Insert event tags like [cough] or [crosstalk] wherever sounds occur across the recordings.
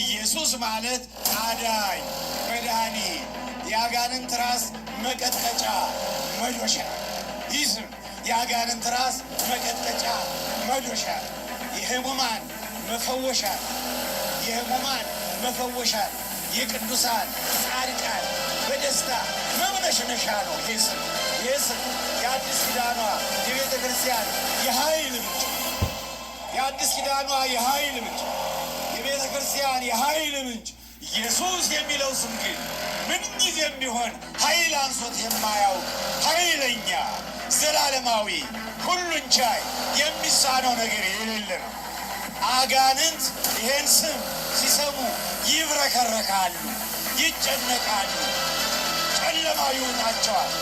ኢየሱስ ማለት አዳኝ፣ መድኃኒ፣ የአጋንንት ራስ መቀጥቀጫ መዶሻ። ይህ ስም የአጋንንት ራስ መቀጥቀጫ መዶሻ፣ የህሙማን መፈወሻ፣ የህሙማን መፈወሻ፣ የቅዱሳን ጻድቃን በደስታ መምነሽነሻ ነው። ይህ ስም የአዲስ ኪዳኗ የቤተ ክርስቲያን የኃይል ምንጭ የአዲስ ኪዳኗ የኃይል ምንጭ ክርስቲያን የኃይል ምንጭ ኢየሱስ የሚለው ስም ግን ምንጊዜም የሚሆን ኃይል አንሶት የማያውቅ ኃይለኛ፣ ዘላለማዊ፣ ሁሉን ቻይ የሚሳነው ነገር የሌለ ነው። አጋንንት ይሄን ስም ሲሰሙ ይብረከረካሉ፣ ይጨነቃሉ፣ ጨለማ ይውጣቸዋል።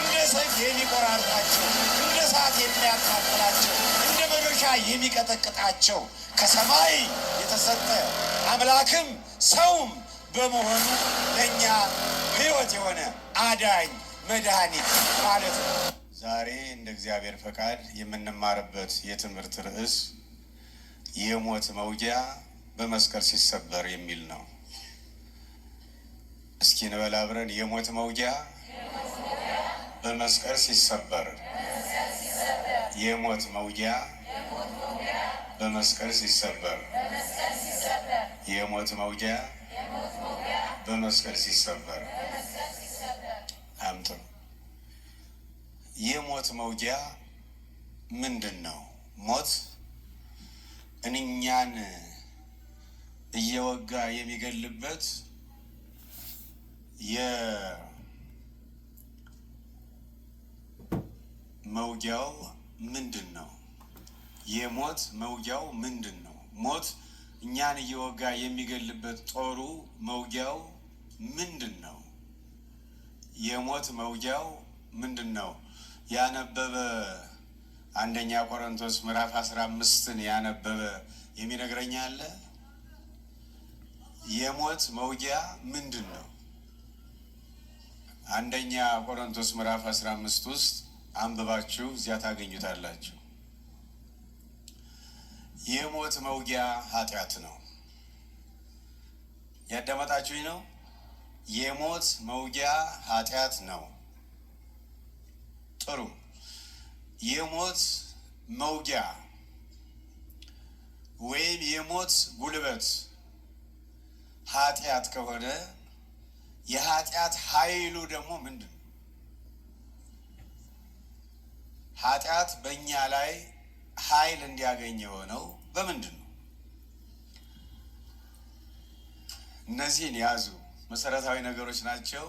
እንደ ሰይፍ የሚቆራርጣቸው፣ እንደ ሰዓት የሚያቃጥላቸው የሚቀጠቅጣቸው ከሰማይ የተሰጠ አምላክም ሰውም በመሆኑ ለእኛ ሕይወት የሆነ አዳኝ መድኃኒት ማለት ነው። ዛሬ እንደ እግዚአብሔር ፈቃድ የምንማርበት የትምህርት ርዕስ የሞት መውጊያ በመስቀል ሲሰበር የሚል ነው። እስኪ እንበል አብረን የሞት መውጊያ በመስቀል ሲሰበር የሞት መውጊያ በመስቀል ሲሰበር የሞት መውጊያ በመስቀል ሲሰበር አምጥ የሞት መውጊያ ምንድን ነው? ሞት እኛን እየወጋ የሚገልበት የመውጊያው ምንድን ነው? የሞት መውጊያው ምንድን ነው? ሞት እኛን እየወጋ የሚገልበት ጦሩ መውጊያው ምንድን ነው? የሞት መውጊያው ምንድን ነው? ያነበበ አንደኛ ቆሮንቶስ ምዕራፍ አስራ አምስትን ያነበበ የሚነግረኝ አለ? የሞት መውጊያ ምንድን ነው? አንደኛ ቆሮንቶስ ምዕራፍ አስራ አምስት ውስጥ አንብባችሁ እዚያ ታገኙታላችሁ። የሞት መውጊያ ኃጢአት ነው። ያዳመጣችሁኝ ነው። የሞት መውጊያ ኃጢአት ነው። ጥሩ። የሞት መውጊያ ወይም የሞት ጉልበት ኃጢአት ከሆነ የኃጢአት ኃይሉ ደግሞ ምንድን ነው? ኃጢአት በእኛ ላይ ኃይል እንዲያገኝ የሆነው በምንድን ነው? እነዚህን የያዙ መሰረታዊ ነገሮች ናቸው።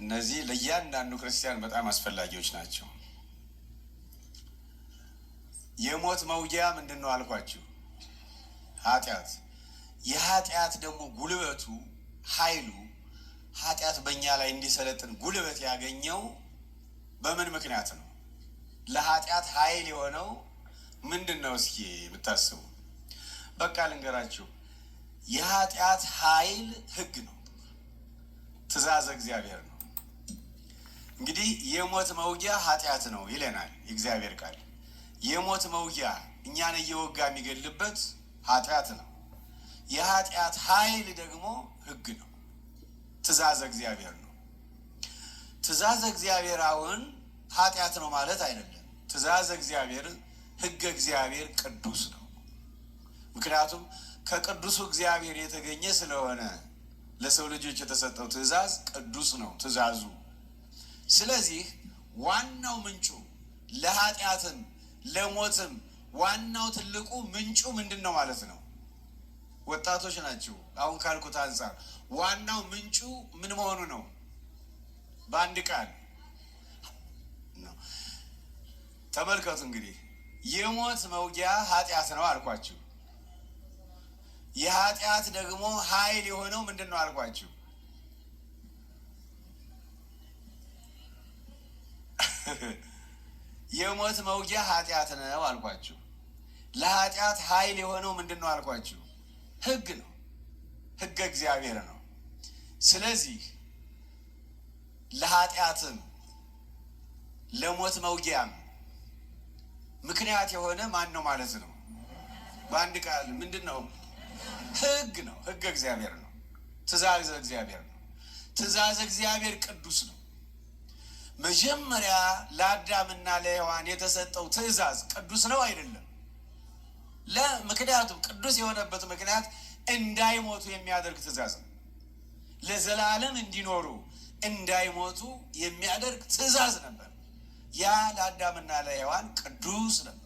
እነዚህ ለእያንዳንዱ ክርስቲያን በጣም አስፈላጊዎች ናቸው። የሞት መውጊያ ምንድን ነው አልኳችሁ? ኃጢአት። የኃጢአት ደግሞ ጉልበቱ ኃይሉ ኃጢአት በእኛ ላይ እንዲሰለጥን ጉልበት ያገኘው በምን ምክንያት ነው? ለኃጢአት ኃይል የሆነው ምንድን ነው? እስኪ የምታስቡ በቃ ልንገራችሁ። የኃጢአት ኃይል ህግ ነው፣ ትእዛዝ እግዚአብሔር ነው። እንግዲህ የሞት መውጊያ ኃጢአት ነው ይለናል የእግዚአብሔር ቃል። የሞት መውጊያ እኛን እየወጋ የሚገልበት ኃጢአት ነው። የኃጢአት ኃይል ደግሞ ህግ ነው፣ ትእዛዝ እግዚአብሔር ነው። ትእዛዝ እግዚአብሔር አሁን ኃጢአት ነው ማለት አይደለም። ትእዛዝ እግዚአብሔር ህግ እግዚአብሔር ቅዱስ ነው። ምክንያቱም ከቅዱሱ እግዚአብሔር የተገኘ ስለሆነ ለሰው ልጆች የተሰጠው ትእዛዝ ቅዱስ ነው ትእዛዙ። ስለዚህ ዋናው ምንጩ ለኃጢአትም ለሞትም ዋናው ትልቁ ምንጩ ምንድን ነው ማለት ነው? ወጣቶች ናቸው። አሁን ካልኩት አንጻር ዋናው ምንጩ ምን መሆኑ ነው? በአንድ ቃል ተመልከቱ እንግዲህ የሞት መውጊያ ኃጢአት ነው አልኳችሁ። የኃጢአት ደግሞ ኃይል የሆነው ምንድን ነው አልኳችሁ? [laughs] የሞት መውጊያ ኃጢአት ነው አልኳችሁ። ለኃጢአት ኃይል የሆነው ምንድን ነው አልኳችሁ? ሕግ ነው። ሕገ እግዚአብሔር ነው። ስለዚህ ለኃጢአትም ለሞት መውጊያም ምክንያት የሆነ ማን ነው ማለት ነው? በአንድ ቃል ምንድን ነው? ህግ ነው። ህገ እግዚአብሔር ነው። ትእዛዘ እግዚአብሔር ነው። ትእዛዘ እግዚአብሔር ቅዱስ ነው። መጀመሪያ ለአዳምና ለሔዋን የተሰጠው ትእዛዝ ቅዱስ ነው አይደለም? ለምክንያቱም ቅዱስ የሆነበት ምክንያት እንዳይሞቱ የሚያደርግ ትእዛዝ ነው። ለዘላለም እንዲኖሩ እንዳይሞቱ የሚያደርግ ትእዛዝ ነበር። ያ ለአዳምና ለሔዋን ቅዱስ ነበር።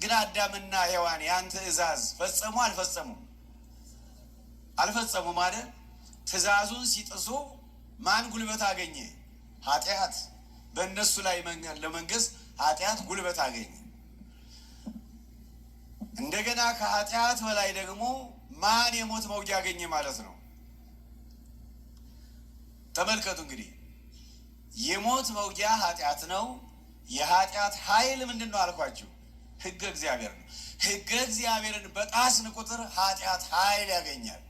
ግን አዳምና ሔዋን ያን ትእዛዝ ፈጸሙ አልፈጸሙም? አልፈጸሙም አይደል? ትእዛዙን ሲጥሱ ማን ጉልበት አገኘ? ኃጢአት። በእነሱ ላይ ለመንገስ ኃጢአት ጉልበት አገኘ። እንደገና ከኃጢአት በላይ ደግሞ ማን የሞት መውጃ አገኘ ማለት ነው? ተመልከቱ እንግዲህ የሞት መውጊያ ኃጢአት ነው። የኃጢአት ኃይል ምንድን ነው አልኳችሁ? ህገ እግዚአብሔር ነው። ህገ እግዚአብሔርን በጣስን ቁጥር ኃጢአት ኃይል ያገኛል።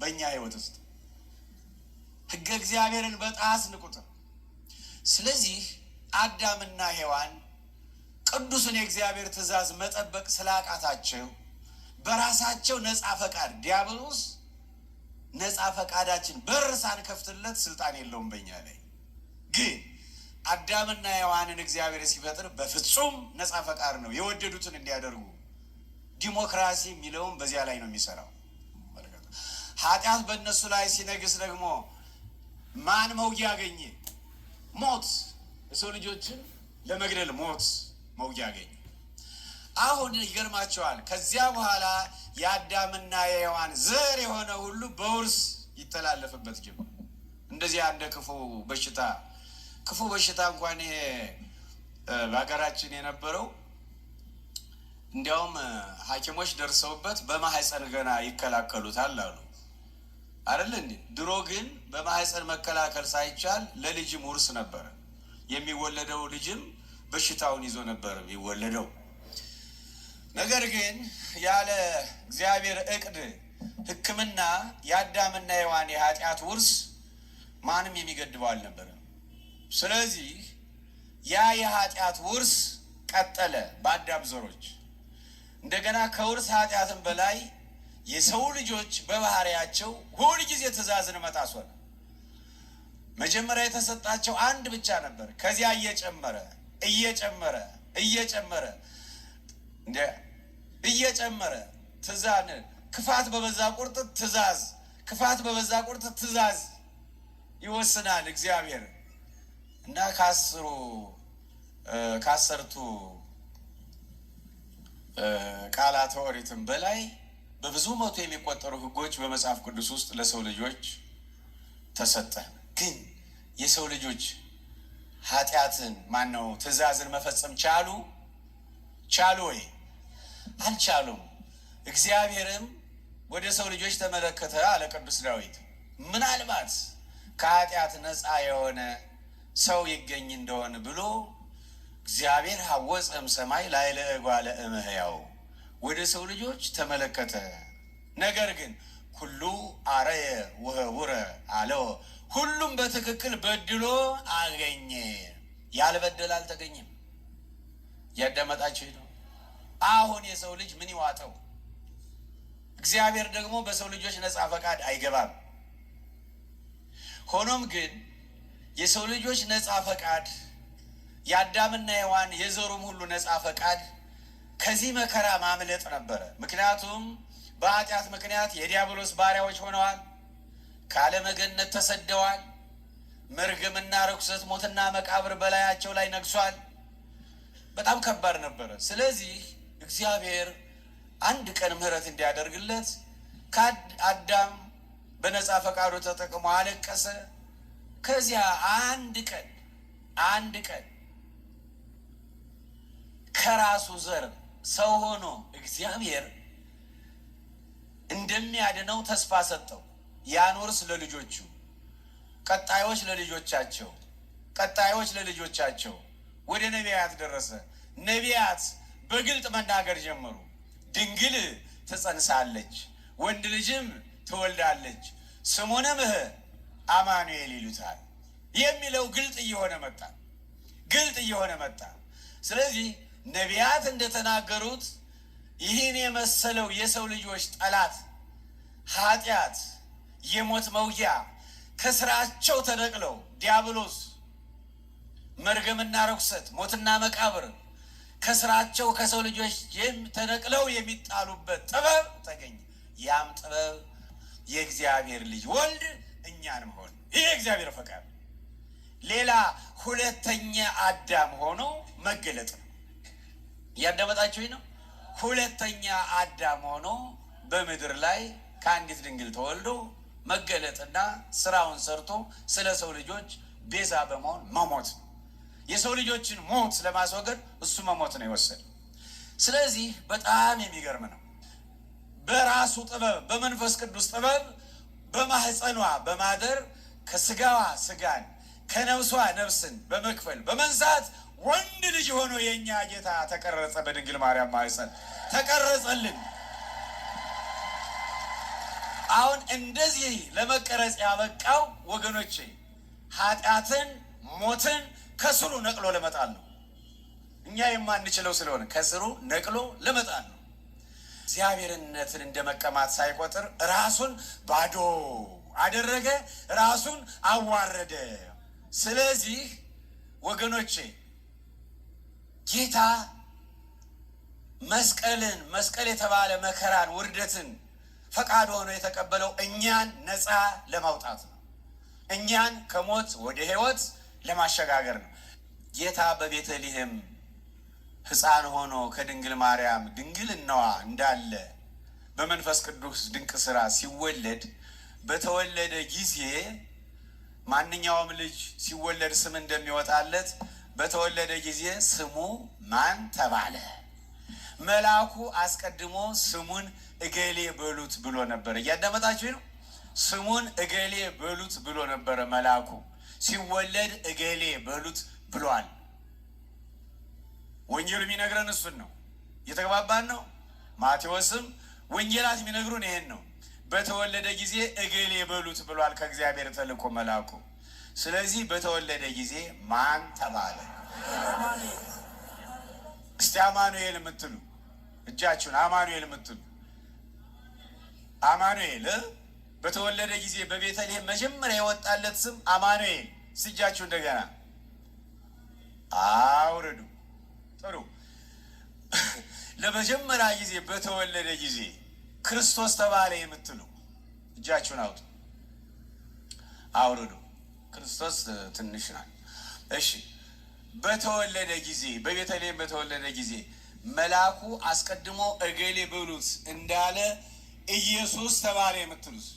በእኛ ህይወት ውስጥ ህገ እግዚአብሔርን በጣስን ቁጥር ስለዚህ አዳምና ሔዋን ቅዱስን የእግዚአብሔር ትእዛዝ መጠበቅ ስላቃታቸው በራሳቸው ነፃ ፈቃድ ዲያብሎስ ነፃ ፈቃዳችን በር ሳንከፍትለት ስልጣን የለውም በኛ ላይ ግን አዳምና ሔዋንን እግዚአብሔር ሲፈጥር በፍጹም ነፃ ፈቃድ ነው የወደዱትን እንዲያደርጉ። ዲሞክራሲ የሚለውም በዚያ ላይ ነው የሚሰራው። ኃጢአት በእነሱ ላይ ሲነግስ ደግሞ ማን መውጊያ አገኘ? ሞት። የሰው ልጆችን ለመግደል ሞት መውጊያ አገኘ። አሁን ይገርማቸዋል። ከዚያ በኋላ የአዳምና የሔዋን ዘር የሆነ ሁሉ በውርስ ይተላለፍበት ጀመር። እንደዚያ እንደ ክፉ በሽታ ክፉ በሽታ እንኳን ይሄ በሀገራችን የነበረው እንዲያውም ሐኪሞች ደርሰውበት በማህፀን ገና ይከላከሉታል አሉ አይደል እንዴ? ድሮ ግን በማህፀን መከላከል ሳይቻል ለልጅም ውርስ ነበረ። የሚወለደው ልጅም በሽታውን ይዞ ነበር የሚወለደው። ነገር ግን ያለ እግዚአብሔር እቅድ ሕክምና የአዳምና የዋን የኃጢአት ውርስ ማንም የሚገድበው አልነበረ። ስለዚህ ያ የኃጢአት ውርስ ቀጠለ በአዳም ዘሮች። እንደገና ከውርስ ኃጢአትን በላይ የሰው ልጆች በባህሪያቸው ሁል ጊዜ ትእዛዝን መጣስ ሆነ። መጀመሪያ የተሰጣቸው አንድ ብቻ ነበር። ከዚያ እየጨመረ እየጨመረ እየጨመረ እየጨመረ ትእዛዝ ክፋት በበዛ ቁርጥ ትእዛዝ ክፋት በበዛ ቁርጥ ትእዛዝ ይወስናል እግዚአብሔር እና ከአስሩ ከአሰርቱ ቃላተ ኦሪትም በላይ በብዙ መቶ የሚቆጠሩ ህጎች በመጽሐፍ ቅዱስ ውስጥ ለሰው ልጆች ተሰጠ። ግን የሰው ልጆች ኃጢአትን ማነው ትእዛዝን መፈጸም ቻሉ ቻሉ ወይ? አልቻሉም። እግዚአብሔርም ወደ ሰው ልጆች ተመለከተ አለ ቅዱስ ዳዊት ምናልባት ከኃጢአት ነፃ የሆነ ሰው ይገኝ እንደሆን ብሎ እግዚአብሔር ሀወፅ ሰማይ ላዕለ እጓለ እምህያው ወደ ሰው ልጆች ተመለከተ። ነገር ግን ሁሉ አረየ ውረ አለው። ሁሉም በትክክል በድሎ አገኘ። ያልበደል አልተገኘም። ያዳመጣቸው ሄደው አሁን የሰው ልጅ ምን ይዋጠው? እግዚአብሔር ደግሞ በሰው ልጆች ነፃ ፈቃድ አይገባም። ሆኖም ግን የሰው ልጆች ነጻ ፈቃድ የአዳምና የዋን የዘሩም ሁሉ ነጻ ፈቃድ ከዚህ መከራ ማምለጥ ነበረ። ምክንያቱም በኃጢአት ምክንያት የዲያብሎስ ባሪያዎች ሆነዋል፣ ካለመገነት ተሰደዋል። መርገምና ርኩሰት፣ ሞትና መቃብር በላያቸው ላይ ነግሷል። በጣም ከባድ ነበረ። ስለዚህ እግዚአብሔር አንድ ቀን ምሕረት እንዲያደርግለት ከአዳም በነፃ ፈቃዱ ተጠቅሞ አለቀሰ። ከዚያ አንድ ቀን አንድ ቀን ከራሱ ዘር ሰው ሆኖ እግዚአብሔር እንደሚያድነው ተስፋ ሰጠው። ያኖርስ ለልጆቹ፣ ቀጣዮች ለልጆቻቸው፣ ቀጣዮች ለልጆቻቸው ወደ ነቢያት ደረሰ። ነቢያት በግልጥ መናገር ጀመሩ። ድንግል ትጸንሳለች፣ ወንድ ልጅም ትወልዳለች ስሙንም አማኑኤል ይሉታል የሚለው ግልጥ እየሆነ መጣ፣ ግልጥ እየሆነ መጣ። ስለዚህ ነቢያት እንደተናገሩት ይህን የመሰለው የሰው ልጆች ጠላት ኃጢአት፣ የሞት መውጊያ ከስራቸው ተነቅለው ዲያብሎስ መርገምና ርኩሰት፣ ሞትና መቃብር ከስራቸው ከሰው ልጆች ተነቅለው የሚጣሉበት ጥበብ ተገኘ። ያም ጥበብ የእግዚአብሔር ልጅ ወልድ እኛን ሆን። ይህ እግዚአብሔር ፈቃድ ሌላ ሁለተኛ አዳም ሆኖ መገለጥ ነው። እያዳመጣችሁኝ ነው? ሁለተኛ አዳም ሆኖ በምድር ላይ ከአንዲት ድንግል ተወልዶ መገለጥና ስራውን ሰርቶ ስለ ሰው ልጆች ቤዛ በመሆን መሞት ነው። የሰው ልጆችን ሞት ለማስወገድ እሱ መሞት ነው የወሰደ። ስለዚህ በጣም የሚገርም ነው። በራሱ ጥበብ በመንፈስ ቅዱስ ጥበብ በማህፀኗ በማደር ከስጋዋ ስጋን ከነብሷ ነብስን በመክፈል በመንሳት ወንድ ልጅ ሆኖ የእኛ ጌታ ተቀረጸ። በድንግል ማርያም ማህፀን ተቀረጸልን። አሁን እንደዚህ ለመቀረጽ ያበቃው ወገኖቼ ኃጢአትን፣ ሞትን ከስሩ ነቅሎ ለመጣል ነው። እኛ የማንችለው ስለሆነ ከስሩ ነቅሎ ለመጣል ነው። እግዚአብሔርነትን እንደ መቀማት ሳይቆጥር ራሱን ባዶ አደረገ፣ ራሱን አዋረደ። ስለዚህ ወገኖቼ ጌታ መስቀልን መስቀል የተባለ መከራን ውርደትን ፈቃድ ሆኖ የተቀበለው እኛን ነፃ ለማውጣት ነው። እኛን ከሞት ወደ ሕይወት ለማሸጋገር ነው። ጌታ በቤተልሔም ሕፃን ሆኖ ከድንግል ማርያም ድንግልናዋ እንዳለ በመንፈስ ቅዱስ ድንቅ ስራ ሲወለድ በተወለደ ጊዜ ማንኛውም ልጅ ሲወለድ ስም እንደሚወጣለት በተወለደ ጊዜ ስሙ ማን ተባለ? መልአኩ አስቀድሞ ስሙን እገሌ በሉት ብሎ ነበረ። እያዳመጣችሁ ነው። ስሙን እገሌ በሉት ብሎ ነበረ መልአኩ ሲወለድ እገሌ በሉት ብሏል። ወንጌሉ የሚነግረን እሱን ነው። የተግባባን ነው። ማቴዎስም ወንጌላት የሚነግሩን ይሄን ነው። በተወለደ ጊዜ እገሌ የበሉት ብሏል ከእግዚአብሔር ተልኮ መላኩ። ስለዚህ በተወለደ ጊዜ ማን ተባለ? እስቲ አማኑኤል የምትሉ እጃችሁን አማኑኤል የምትሉ አማኑኤል በተወለደ ጊዜ በቤተልሔም መጀመሪያ የወጣለት ስም አማኑኤል። ስጃችሁ እንደገና አውርዱ። ጥሩ ለመጀመሪያ ጊዜ በተወለደ ጊዜ ክርስቶስ ተባለ የምትሉ እጃችሁን አውጡ፣ አውርዱ። ክርስቶስ ትንሽ ናል። እሺ፣ በተወለደ ጊዜ በቤተልሔም በተወለደ ጊዜ መልአኩ አስቀድሞ እገሌ ብሉት እንዳለ ኢየሱስ ተባለ የምትሉት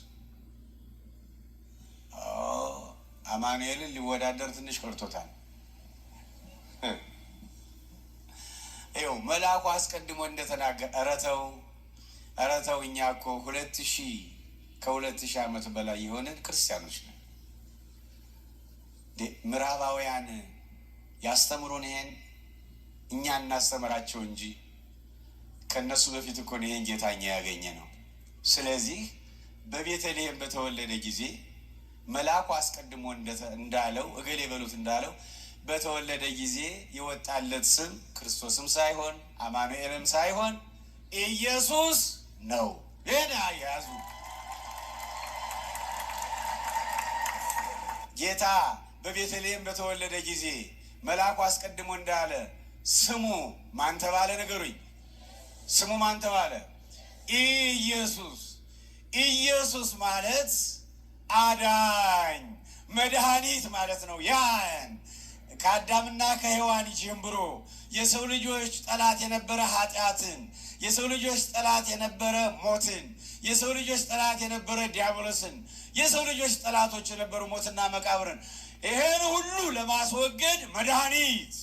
አማኑኤልን ሊወዳደር ትንሽ ቀርቶታል። ይኸው መልአኩ አስቀድሞ እንደተናገረ ረተው እረተው እኛ እኮ ሁለት ሺህ ከሁለት ሺህ ዓመት በላይ የሆንን ክርስቲያኖች ነው። ምዕራባውያን ያስተምሩን ይሄን እኛ እናስተምራቸው እንጂ ከእነሱ በፊት እኮ ይሄን ጌታ እኛ ያገኘ ነው። ስለዚህ በቤተልሔም በተወለደ ጊዜ መልአኩ አስቀድሞ እንዳለው እገሌ በሉት እንዳለው በተወለደ ጊዜ የወጣለት ስም ክርስቶስም ሳይሆን አማኑኤልም ሳይሆን ኢየሱስ ነው። ሌላ ያዙ ጌታ በቤተልሔም በተወለደ ጊዜ መልአኩ አስቀድሞ እንዳለ ስሙ ማን ተባለ? ነገሩኝ። ስሙ ማን ተባለ? ኢየሱስ። ኢየሱስ ማለት አዳኝ መድኃኒት ማለት ነው። ያን ከአዳምና ከሔዋን ጀምሮ የሰው ልጆች ጠላት የነበረ ኃጢአትን፣ የሰው ልጆች ጠላት የነበረ ሞትን፣ የሰው ልጆች ጠላት የነበረ ዲያብሎስን፣ የሰው ልጆች ጠላቶች የነበሩ ሞትና መቃብርን ይሄን ሁሉ ለማስወገድ መድኃኒት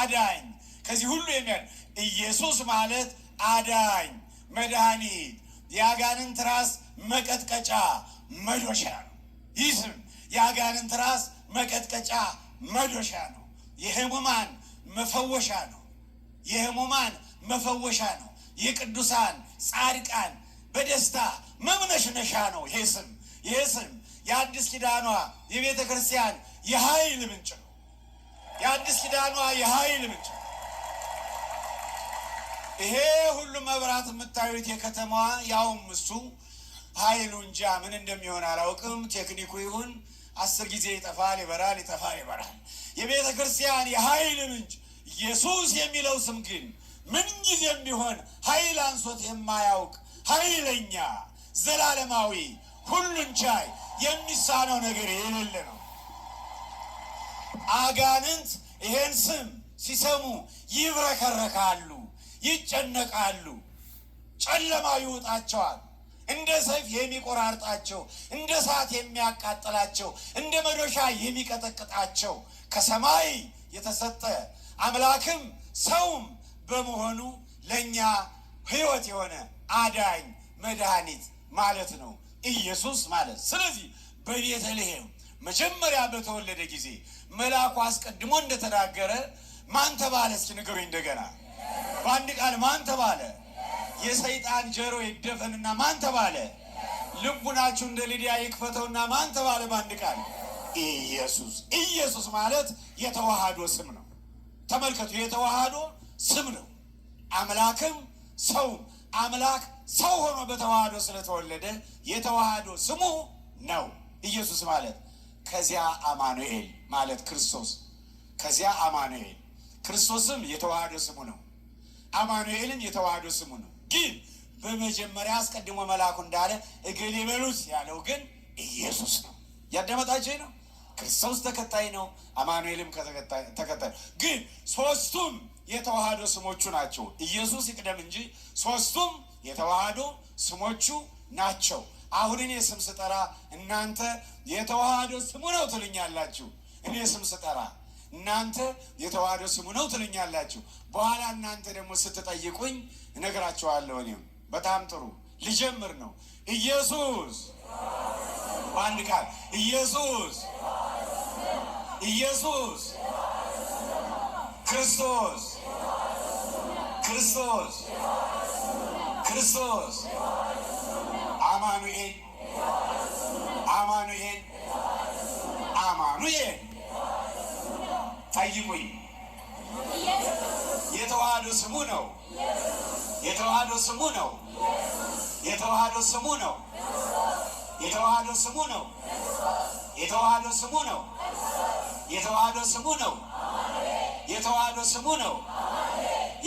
አዳኝ ከዚህ ሁሉ የሚያል ኢየሱስ ማለት አዳኝ መድኃኒት የአጋንንት ራስ መቀጥቀጫ መዶሻ ነው። ይህ ስም የአጋንንት ራስ መቀጥቀጫ መዶሻ ነው። የህሙማን መፈወሻ ነው። የህሙማን መፈወሻ ነው። የቅዱሳን ጻድቃን በደስታ መምነሽነሻ ነው። ይሄ ስም ይሄ ስም የአዲስ ኪዳኗ የቤተ ክርስቲያን የኃይል ምንጭ ነው። የአዲስ ኪዳኗ የኃይል ምንጭ ነው። ይሄ ሁሉ መብራት የምታዩት የከተማዋ ያውም እሱ ኃይሉ እንጃ ምን እንደሚሆን አላውቅም። ቴክኒኩ ይሁን አስር ጊዜ ይጠፋል፣ ይበራል፣ ይጠፋል፣ ይበራል። የቤተ ክርስቲያን የኃይል ምንጭ ኢየሱስ የሚለው ስም ግን ምንጊዜም ቢሆን ኃይል አንሶት የማያውቅ ኃይለኛ፣ ዘላለማዊ፣ ሁሉን ቻይ የሚሳነው ነገር የሌለ ነው። አጋንንት ይሄን ስም ሲሰሙ ይብረከረካሉ፣ ይጨነቃሉ፣ ጨለማ ይውጣቸዋል። እንደ ሰይፍ የሚቆራርጣቸው፣ እንደ እሳት የሚያቃጥላቸው፣ እንደ መዶሻ የሚቀጠቅጣቸው ከሰማይ የተሰጠ አምላክም ሰውም በመሆኑ ለእኛ ሕይወት የሆነ አዳኝ መድኃኒት ማለት ነው ኢየሱስ ማለት። ስለዚህ በቤተልሔም መጀመሪያ በተወለደ ጊዜ መልአኩ አስቀድሞ እንደተናገረ ማን ተባለ? እስኪ ንገሩኝ እንደገና በአንድ ቃል ማን ተባለ? የሰይጣን ጀሮ ይደፈንና ማን ተባለ? ልቡናችሁ እንደ ሊዲያ ይክፈተውና ማን ተባለ? ባንድ ቃል ኢየሱስ። ኢየሱስ ማለት የተዋሃዶ ስም ነው። ተመልከቱ፣ የተዋሃዶ ስም ነው። አምላክም ሰውም አምላክ ሰው ሆኖ በተዋህዶ ስለተወለደ የተዋህዶ ስሙ ነው ኢየሱስ ማለት። ከዚያ አማኑኤል ማለት ክርስቶስ፣ ከዚያ አማኑኤል ክርስቶስም የተዋህዶ ስሙ ነው። አማኑኤልም የተዋህዶ ስሙ ነው። ግን በመጀመሪያ አስቀድሞ መልአኩ እንዳለ እገሌ በሉት ያለው ግን ኢየሱስ ነው። ያዳመጣችሁ ነው። ክርስቶስ ተከታይ ነው። አማኑኤልም ተከታይ ግን ሶስቱም የተዋሃዶ ስሞቹ ናቸው። ኢየሱስ ይቅደም እንጂ ሶስቱም የተዋሃዶ ስሞቹ ናቸው። አሁን እኔ ስም ስጠራ እናንተ የተዋሃዶ ስሙ ነው ትልኛላችሁ። እኔ ስም ስጠራ እናንተ የተዋዶ ስሙ ነው ትልኛላችሁ። በኋላ እናንተ ደግሞ ስትጠይቁኝ እነግራቸዋለሁ። እኔም በጣም ጥሩ ልጀምር ነው። ኢየሱስ በአንድ ቃል ኢየሱስ ኢየሱስ ክርስቶስ ክርስቶስ ክርስቶስ አማኑኤል አማኑኤል አማኑኤል ጠይቁኝ የተዋህዶ ስሙ ነው። የተዋህዶ ስሙ ነው። የተዋህዶ ስሙ ነው። የተዋህዶ ስሙ ነው። የተዋህዶ ስሙ ነው። የተዋህዶ ስሙ ነው። የተዋህዶ ስሙ ነው።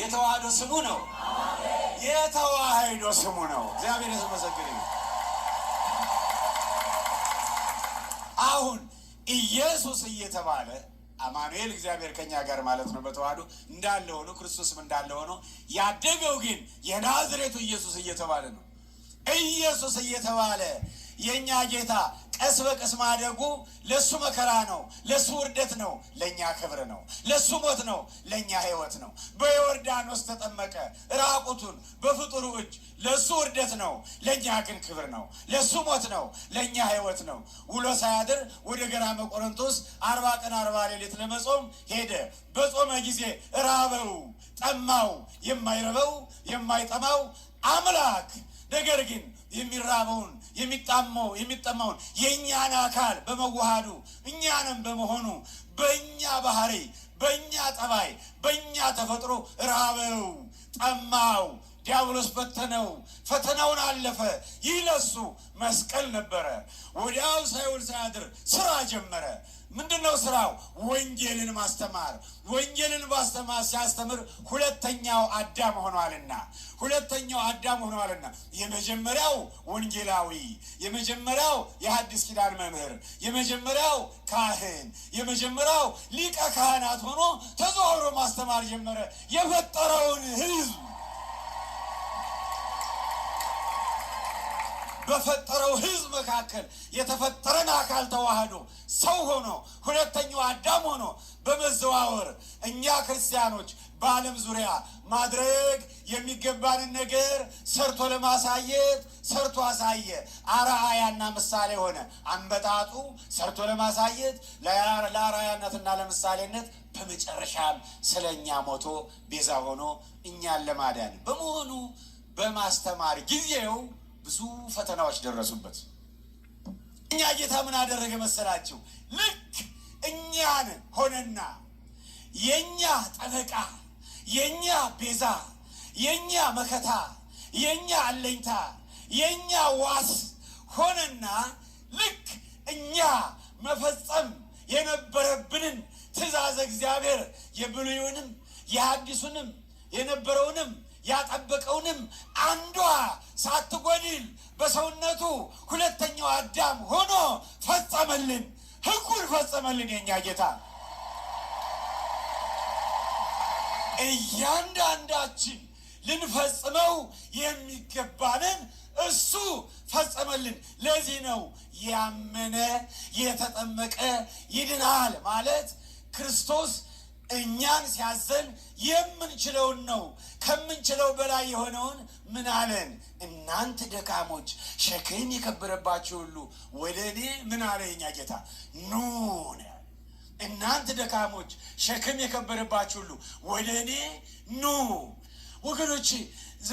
የተዋህዶ ስሙ ነው። የተዋህዶ ስሙ ነው። እግዚአብሔር የተመሰገነ አሁን ኢየሱስ እየተባለ አማኑኤል እግዚአብሔር ከኛ ጋር ማለት ነው። በተዋህዶ እንዳለ ሆኖ ክርስቶስም እንዳለ ሆኖ ያደገው ግን የናዝሬቱ ኢየሱስ እየተባለ ነው። ኢየሱስ እየተባለ የእኛ ጌታ ቀስ በቀስ ማደጉ ለሱ መከራ ነው፣ ለሱ ውርደት ነው፣ ለእኛ ክብር ነው። ለሱ ሞት ነው፣ ለእኛ ህይወት ነው። በዮርዳኖስ ተጠመቀ ራቁቱን በፍጡሩ እጅ። ለሱ ውርደት ነው፣ ለእኛ ግን ክብር ነው። ለሱ ሞት ነው፣ ለእኛ ህይወት ነው። ውሎ ሳያድር ወደ ገራመ ቆሮንቶስ አርባ ቀን አርባ ሌሊት ለመጾም ሄደ። በጾመ ጊዜ ራበው፣ ጠማው። የማይረበው የማይጠማው አምላክ ነገር ግን የሚራበውን የሚጣመው የሚጠማውን የእኛን አካል በመዋሃዱ እኛንም በመሆኑ በእኛ ባህሪ፣ በእኛ ጠባይ፣ በእኛ ተፈጥሮ ራበው፣ ጠማው ዲያብሎስ በተነው፣ ፈተናውን አለፈ። ይህ ለሱ መስቀል ነበረ። ወዲያው ሳይውል ሳያድር ስራ ጀመረ። ምንድን ነው ስራው? ወንጌልን ማስተማር። ወንጌልን ማስተማር ሲያስተምር ሁለተኛው አዳም ሆኗልና ሁለተኛው አዳም ሆኗልና የመጀመሪያው ወንጌላዊ፣ የመጀመሪያው የሐዲስ ኪዳን መምህር፣ የመጀመሪያው ካህን፣ የመጀመሪያው ሊቀ ካህናት ሆኖ ተዘዋውሮ ማስተማር ጀመረ የፈጠረውን ህዝብ በፈጠረው ህዝብ መካከል የተፈጠረን አካል ተዋህዶ ሰው ሆኖ ሁለተኛው አዳም ሆኖ በመዘዋወር እኛ ክርስቲያኖች በዓለም ዙሪያ ማድረግ የሚገባንን ነገር ሰርቶ ለማሳየት ሰርቶ አሳየ። አርአያና ምሳሌ ሆነ። አንበጣጡ ሰርቶ ለማሳየት ለአርአያነትና ለምሳሌነት በመጨረሻም ስለ እኛ ሞቶ ቤዛ ሆኖ እኛን ለማዳን በመሆኑ በማስተማር ጊዜው ብዙ ፈተናዎች ደረሱበት። እኛ ጌታ ምን አደረገ መሰላችሁ? ልክ እኛን ሆነና የእኛ ጠበቃ፣ የእኛ ቤዛ፣ የእኛ መከታ፣ የእኛ አለኝታ፣ የእኛ ዋስ ሆነና ልክ እኛ መፈጸም የነበረብንን ትእዛዝ እግዚአብሔር የብሉዩንም የአዲሱንም የነበረውንም ያጠበቀውንም አንዷ ሳትጎድል በሰውነቱ ሁለተኛው አዳም ሆኖ ፈጸመልን። ህጉን ፈጸመልን። የኛ ጌታ እያንዳንዳችን ልንፈጽመው የሚገባንን እሱ ፈጸመልን። ለዚህ ነው ያመነ የተጠመቀ ይድናል ማለት ክርስቶስ እኛን ሲያዘን የምንችለውን ነው። ከምንችለው በላይ የሆነውን ምን አለን? እናንተ ደካሞች ሸክም የከበረባችሁ ሁሉ ወደ እኔ ምን አለ? የኛ ጌታ ኑ እናንተ ደካሞች ሸክም የከበረባችሁ ሁሉ ወደ እኔ ኑ። ወገኖች፣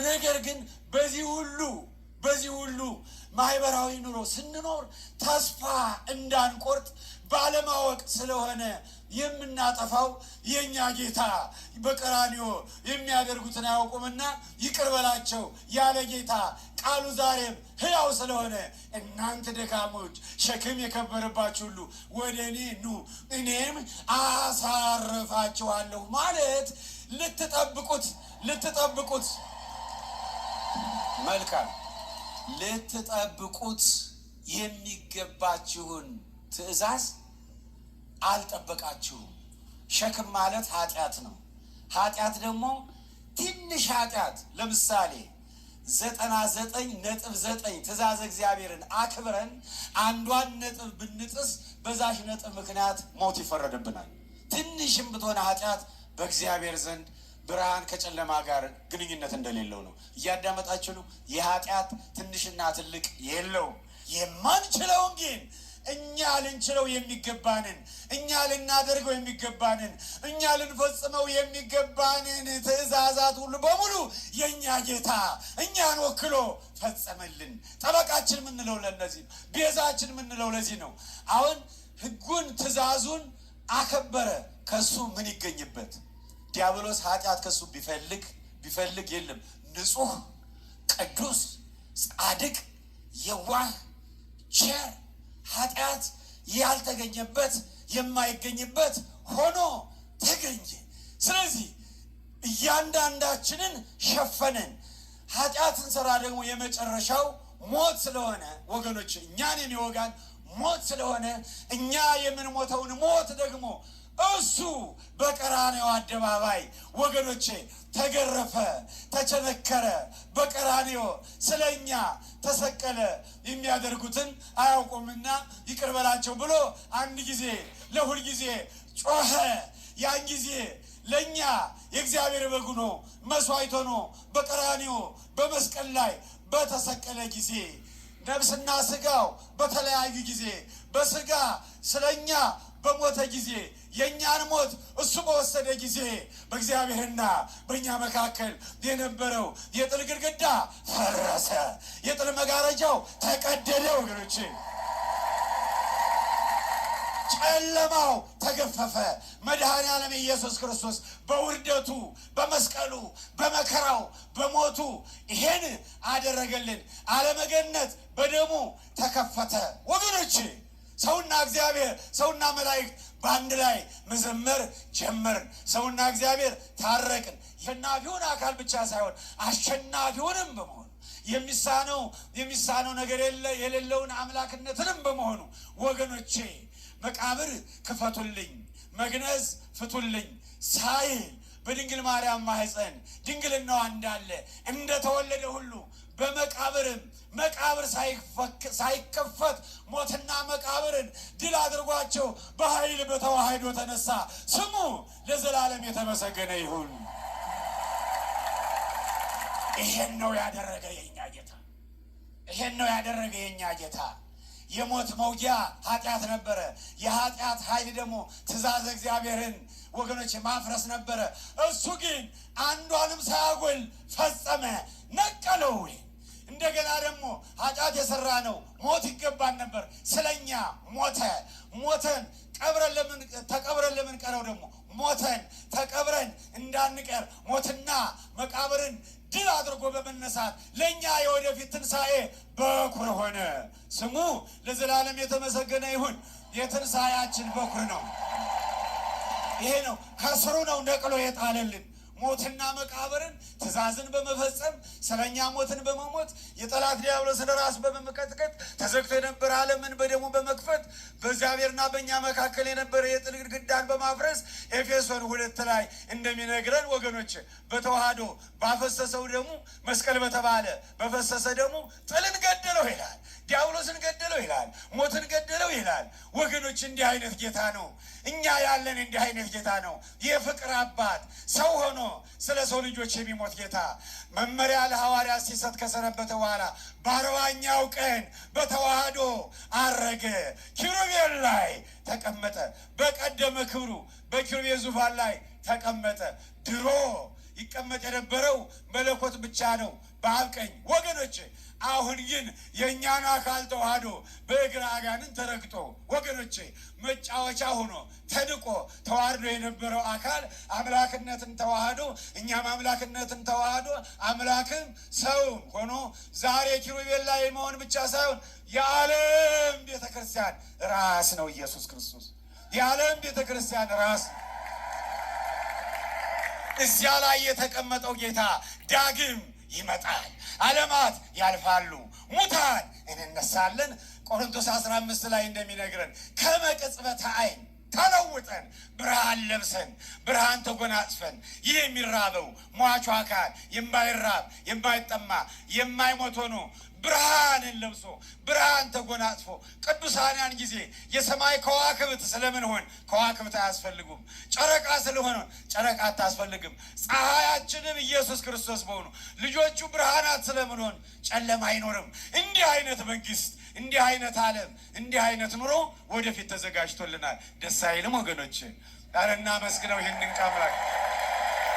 ነገር ግን በዚህ ሁሉ በዚህ ሁሉ ማህበራዊ ኑሮ ስንኖር ተስፋ እንዳንቆርጥ ባለማወቅ ስለሆነ የምናጠፋው የእኛ ጌታ በቀራንዮ የሚያደርጉትን አያውቁምና ይቅር በላቸው ያለ ጌታ ቃሉ ዛሬም ሕያው ስለሆነ እናንተ ደካሞች፣ ሸክም የከበረባችሁ ሁሉ ወደ እኔ ኑ እኔም አሳርፋችኋለሁ ማለት ልትጠብቁት ልትጠብቁት መልካም ልትጠብቁት የሚገባችሁን ትእዛዝ አልጠበቃችሁም። ሸክም ማለት ኃጢአት ነው። ኃጢአት ደግሞ ትንሽ ኃጢአት ለምሳሌ ዘጠና ዘጠኝ ነጥብ ዘጠኝ ትእዛዝ እግዚአብሔርን አክብረን አንዷን ነጥብ ብንጥስ በዛሽ ነጥብ ምክንያት ሞት ይፈረድብናል። ትንሽም ብትሆነ ኃጢአት በእግዚአብሔር ዘንድ ብርሃን ከጨለማ ጋር ግንኙነት እንደሌለው ነው። እያዳመጣችሁ ነው። የኃጢአት ትንሽና ትልቅ የለውም። የማንችለውን ግን እኛ ልንችለው የሚገባንን እኛ ልናደርገው የሚገባንን እኛ ልንፈጽመው የሚገባንን ትእዛዛት ሁሉ በሙሉ የእኛ ጌታ እኛን ወክሎ ፈጸመልን። ጠበቃችን የምንለው ለነዚህ ነው። ቤዛችን የምንለው ለዚህ ነው። አሁን ህጉን ትእዛዙን አከበረ። ከሱ ምን ይገኝበት? ዲያብሎስ ኃጢአት ከሱ ቢፈልግ ቢፈልግ የለም። ንጹህ፣ ቅዱስ፣ ጻድቅ፣ የዋህ፣ ቸር ኃጢአት ያልተገኘበት የማይገኝበት ሆኖ ተገኘ። ስለዚህ እያንዳንዳችንን ሸፈነን። ኃጢአትን ስራ ደግሞ የመጨረሻው ሞት ስለሆነ ወገኖች እኛን የሚወጋን ሞት ስለሆነ እኛ የምንሞተውን ሞት ደግሞ እሱ በቀራኔው አደባባይ ወገኖቼ ተገረፈ፣ ተቸነከረ። በቀራኔው ስለ እኛ ተሰቀለ። የሚያደርጉትን አያውቁምና ይቅር በላቸው ብሎ አንድ ጊዜ ለሁል ጊዜ ጮኸ። ያን ጊዜ ለእኛ የእግዚአብሔር በጉ ነው መስዋዕት ሆኖ በቀራኔው በመስቀል ላይ በተሰቀለ ጊዜ ነፍስና ስጋው በተለያዩ ጊዜ በስጋ ስለኛ በሞተ ጊዜ የእኛን ሞት እሱ በወሰደ ጊዜ በእግዚአብሔርና በእኛ መካከል የነበረው የጥል ግድግዳ ፈረሰ፣ የጥል መጋረጃው ተቀደደ። ወገኖች ጨለማው ተገፈፈ። መድኃኔ ዓለም ኢየሱስ ክርስቶስ በውርደቱ በመስቀሉ በመከራው በሞቱ ይሄን አደረገልን። አለመገነት በደሙ ተከፈተ። ወገኖች ሰውና እግዚአብሔር ሰውና መላእክት በአንድ ላይ መዘመር ጀመርን። ሰውና እግዚአብሔር ታረቅን። አሸናፊውን አካል ብቻ ሳይሆን አሸናፊውንም በመሆኑ የሚሳነው የሚሳነው ነገር የሌለውን አምላክነትንም በመሆኑ ወገኖቼ መቃብር ክፈቱልኝ፣ መግነዝ ፍቱልኝ ሳይል በድንግል ማርያም ማህፀን ድንግልናዋ እንዳለ እንደተወለደ ሁሉ በመቃብርም መቃብር ሳይከፈት ሞትና መቃብርን ድል አድርጓቸው በኃይል በተዋህዶ ተነሳ። ስሙ ለዘላለም የተመሰገነ ይሁን። ይሄን ነው ያደረገ የኛ ጌታ። ይሄን ነው ያደረገ የኛ ጌታ። የሞት መውጊያ ኃጢአት ነበረ። የኃጢአት ኃይል ደግሞ ትእዛዝ እግዚአብሔርን ወገኖች ማፍረስ ነበረ። እሱ ግን አንዷንም ሳያጎል ፈጸመ፣ ነቀለው። እንደገና ደግሞ ኃጢአት የሰራ ነው ሞት ይገባን ነበር፣ ስለኛ ሞተ። ሞተን ቀብረን ለምን ተቀብረን ለምን ቀረው ደግሞ ሞተን ተቀብረን እንዳንቀር ሞትና መቃብርን ድል አድርጎ በመነሳት ለእኛ የወደፊት ትንሣኤ በኩር ሆነ። ስሙ ለዘላለም የተመሰገነ ይሁን። የትንሣኤያችን በኩር ነው። ይሄ ነው ከስሩ ነው ነቅሎ የጣለልን ሞትና መቃብርን ትእዛዝን በመፈጸም ስለኛ ሞትን በመሞት የጠላት ዲያብሎስን ራስ በመመቀጥቀጥ ተዘግቶ የነበረ ዓለምን በደሙ በመክፈት በእግዚአብሔርና በእኛ መካከል የነበረ የጥል ግድግዳን በማፍረስ ኤፌሶን ሁለት ላይ እንደሚነግረን ወገኖች በተዋህዶ ባፈሰሰው ደሙ መስቀል በተባለ በፈሰሰ ደሙ ጥልን ገደለው ይላል። ዲያብሎስን ገደለው ይላል፣ ሞትን ገደለው ይላል። ወገኖች እንዲህ አይነት ጌታ ነው እኛ ያለን፣ እንዲህ አይነት ጌታ ነው። የፍቅር አባት ሰው ሆኖ ስለ ሰው ልጆች የሚሞት ጌታ መመሪያ ለሐዋርያ ሲሰጥ ከሰነበተ በኋላ በአርባኛው ቀን በተዋህዶ አረገ፣ ኪሩቤል ላይ ተቀመጠ። በቀደመ ክብሩ በኪሩቤል ዙፋን ላይ ተቀመጠ። ድሮ ይቀመጥ የነበረው መለኮት ብቻ ነው በአብ ቀኝ ወገኖች አሁን ግን የእኛን አካል ተዋህዶ በእግር አጋንን ተረግጦ ወገኖቼ መጫወቻ ሆኖ ተድቆ ተዋርዶ የነበረው አካል አምላክነትን ተዋህዶ እኛም አምላክነትን ተዋህዶ አምላክም ሰውም ሆኖ ዛሬ ኪሩቤል ላይ መሆን ብቻ ሳይሆን የዓለም ቤተ ክርስቲያን ራስ ነው ኢየሱስ ክርስቶስ። የዓለም ቤተ ክርስቲያን ራስ እዚያ ላይ የተቀመጠው ጌታ ዳግም ይመጣል። ዓለማት ያልፋሉ፣ ሙታን እንነሳለን። ቆሮንቶስ 15 ላይ እንደሚነግረን ከመቅጽበተ ዓይን ተለውጠን ብርሃን ለብሰን ብርሃን ተጎናጽፈን ይህ የሚራበው ሟቹ አካል የማይራብ የማይጠማ የማይሞት ሆኖ ብርሃንን ለብሶ ብርሃን ተጎናጽፎ ቅዱሳን ጊዜ የሰማይ ከዋክብት ስለምንሆን ከዋክብት አያስፈልጉም። ጨረቃ ስለሆነ ጨረቃ አታስፈልግም። ፀሐያችንም ኢየሱስ ክርስቶስ በሆኑ ልጆቹ ብርሃናት ሆን ጨለማ አይኖርም። እንዲህ አይነት መንግስት፣ እንዲህ አይነት ዓለም፣ እንዲህ አይነት ኑሮ ወደፊት ተዘጋጅቶልናል። ደስ አይልም ወገኖች? ኧረ እናመስግነው ይህንን